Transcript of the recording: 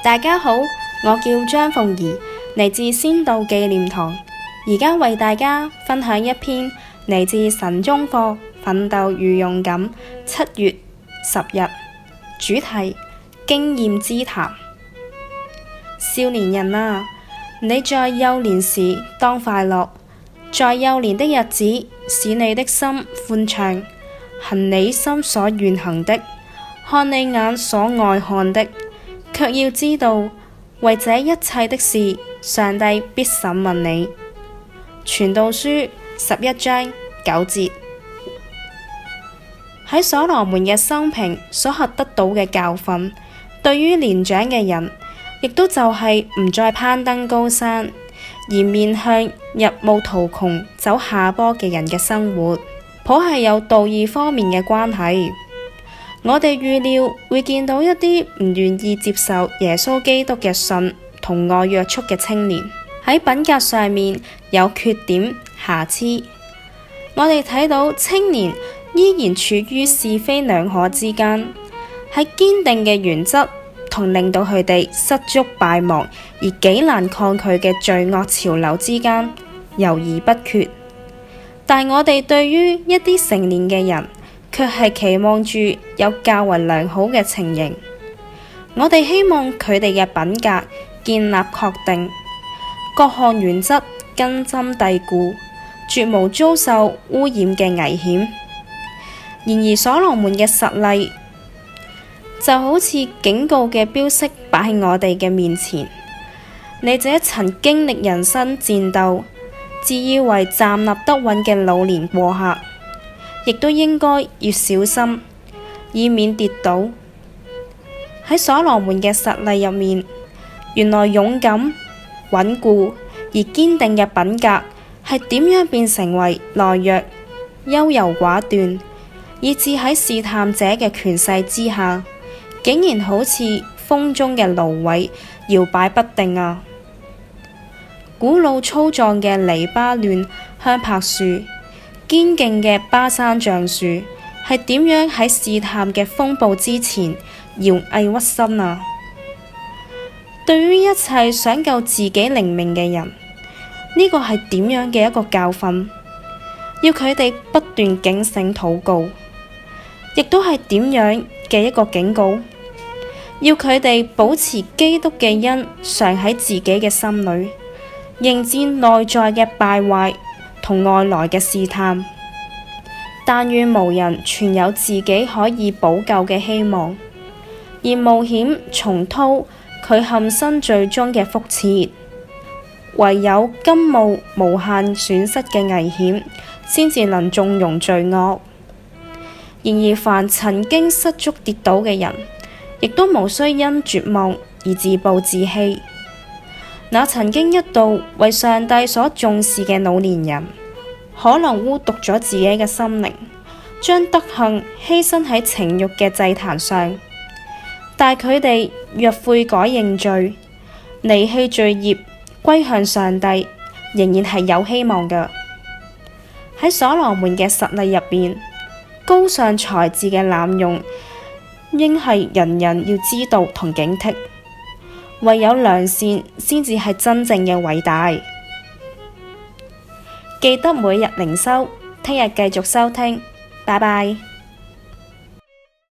大家好，我叫張鳳儀，嚟自先道紀念堂，而家為大家分享一篇嚟自神中課《奮鬥與勇敢》，七月十日，主題經驗之談。少年人啊，你在幼年時當快樂，在幼年的日子，使你的心歡暢，行你心所願行的，看你眼所愛看的。卻要知道，為這一切的事，上帝必審問你。傳道書十一章九節。喺所羅門嘅生平所學得到嘅教訓，對於年長嘅人，亦都就係唔再攀登高山，而面向入霧途窮、走下坡嘅人嘅生活，頗係有道義方面嘅關係。我哋預料會見到一啲唔願意接受耶穌基督嘅信同愛約束嘅青年，喺品格上面有缺點瑕疵。我哋睇到青年依然處於是非兩可之間，喺堅定嘅原則同令到佢哋失足敗亡而幾難抗拒嘅罪惡潮流之間猶豫不決。但我哋對於一啲成年嘅人，卻係期望住有較為良好嘅情形。我哋希望佢哋嘅品格建立確定，各項原則根深蒂固，絕無遭受污染嘅危險。然而，所羅門嘅實例就好似警告嘅標識擺喺我哋嘅面前。你這曾經歷人生戰鬥，自以為站立得穩嘅老年過客。亦都應該要小心，以免跌倒。喺所羅門嘅實例入面，原來勇敢、穩固而堅定嘅品格，係點樣變成為懦弱、優柔寡斷，以致喺試探者嘅權勢之下，竟然好似風中嘅蘆葦，搖擺不定啊！古老粗壯嘅黎巴嫩香柏樹。堅定嘅巴山橡樹係點樣喺試探嘅風暴之前搖曳屈身啊！對於一切想救自己靈命嘅人，呢個係點樣嘅一個教訓？要佢哋不斷警醒禱告，亦都係點樣嘅一個警告？要佢哋保持基督嘅恩常喺自己嘅心裏，迎戰內在嘅敗壞。同外來嘅試探，但願無人存有自己可以補救嘅希望，而冒險重蹈佢陷身罪中嘅覆轍，唯有甘冒無限損失嘅危險，先至能縱容罪惡。然而，凡曾經失足跌倒嘅人，亦都無需因絕望而自暴自棄。那曾經一度為上帝所重視嘅老年人。可能污瀆咗自己嘅心靈，將德行犧牲喺情欲嘅祭壇上。但佢哋若悔改認罪，離棄罪孽，歸向上帝，仍然係有希望㗎。喺所羅門嘅實例入邊，高尚才智嘅濫用，應係人人要知道同警惕。唯有良善，先至係真正嘅偉大。記得每日靈修，聽日繼續收聽，拜拜。